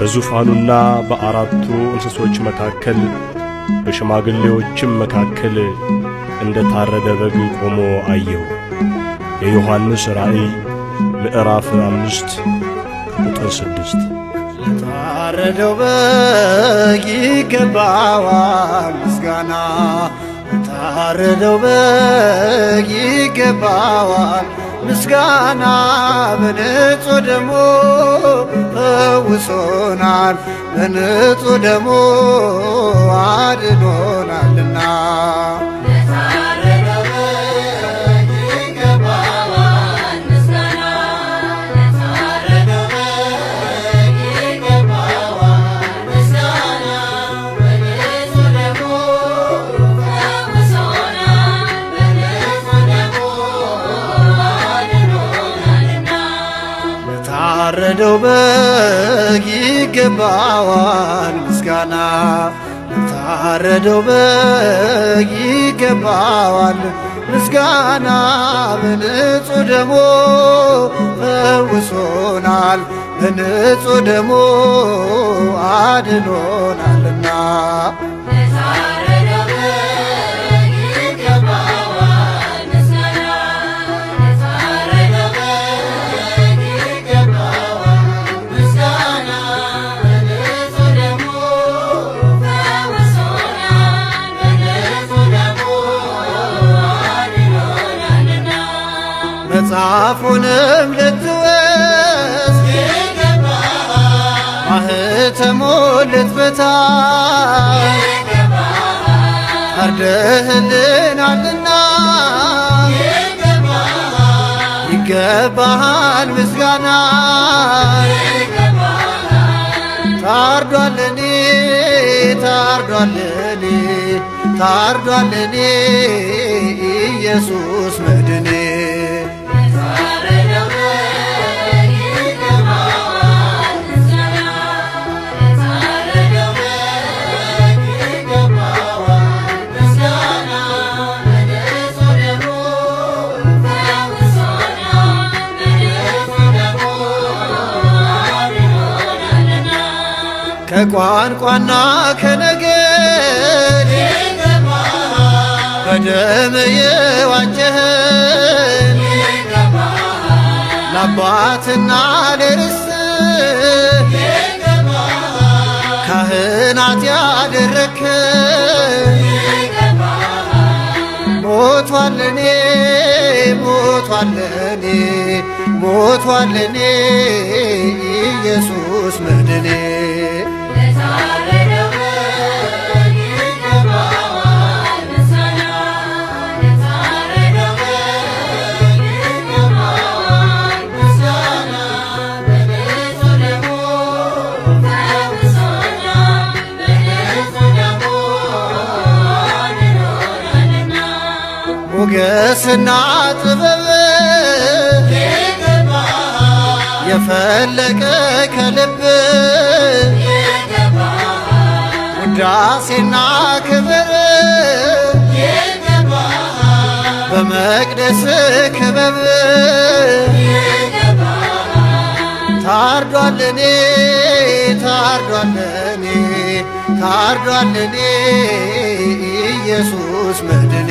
በዙፋኑና በአራቱ እንስሶች መካከል በሽማግሌዎችም መካከል እንደ ታረደ በግ ቆሞ አየሁ። የዮሐንስ ራእይ ምዕራፍ አምስት ቁጥር ስድስት ለታረደው በግ ይገባዋል ምስጋና፣ ለታረደው በግ ይገባዋል ምስጋና በንጹ ደሞ ፈውሶናል፣ በንጹ ደሞ አድኖናልና ለፈረደው በግ ይገባዋል ምስጋና ለታረደው በግ ይገባዋል ምስጋና በንጹህ ደሞ ፈውሶናል በንጹህ ደሞ አድኖናልና አፉንም ልትወስ ማህተሙን ልትፈታ አርደህልናልና ይገባሃል ምስጋና ታርዷለኔ ታርዷለኔ ታርዷለኔ ኢየሱስ መድኔ ከቋንቋና ከነገድ በደም የዋጀህን ለአባትና ለርስ ካህናት ያደረከ ሞቷለኔ ሞቷለኔ ሞቷለኔ ኢየሱስ መድኔ ሞገስና ጥበብ የፈለቀ ከልብ ውዳሴና ክብር በመቅደስ ክበብ ታርዷለኔ ታርዷለኔ ታርዷለኔ ኢየሱስ መድኔ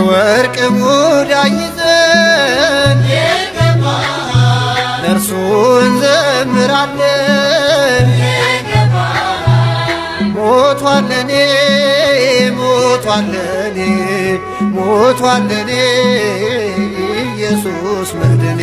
የወርቅ ሙዳይ ይዘን ለእርሱ እንዘምራለን። ሞቷል ለኔ ሞቷል ለኔ ሞቷል ለኔ ኢየሱስ መድኔ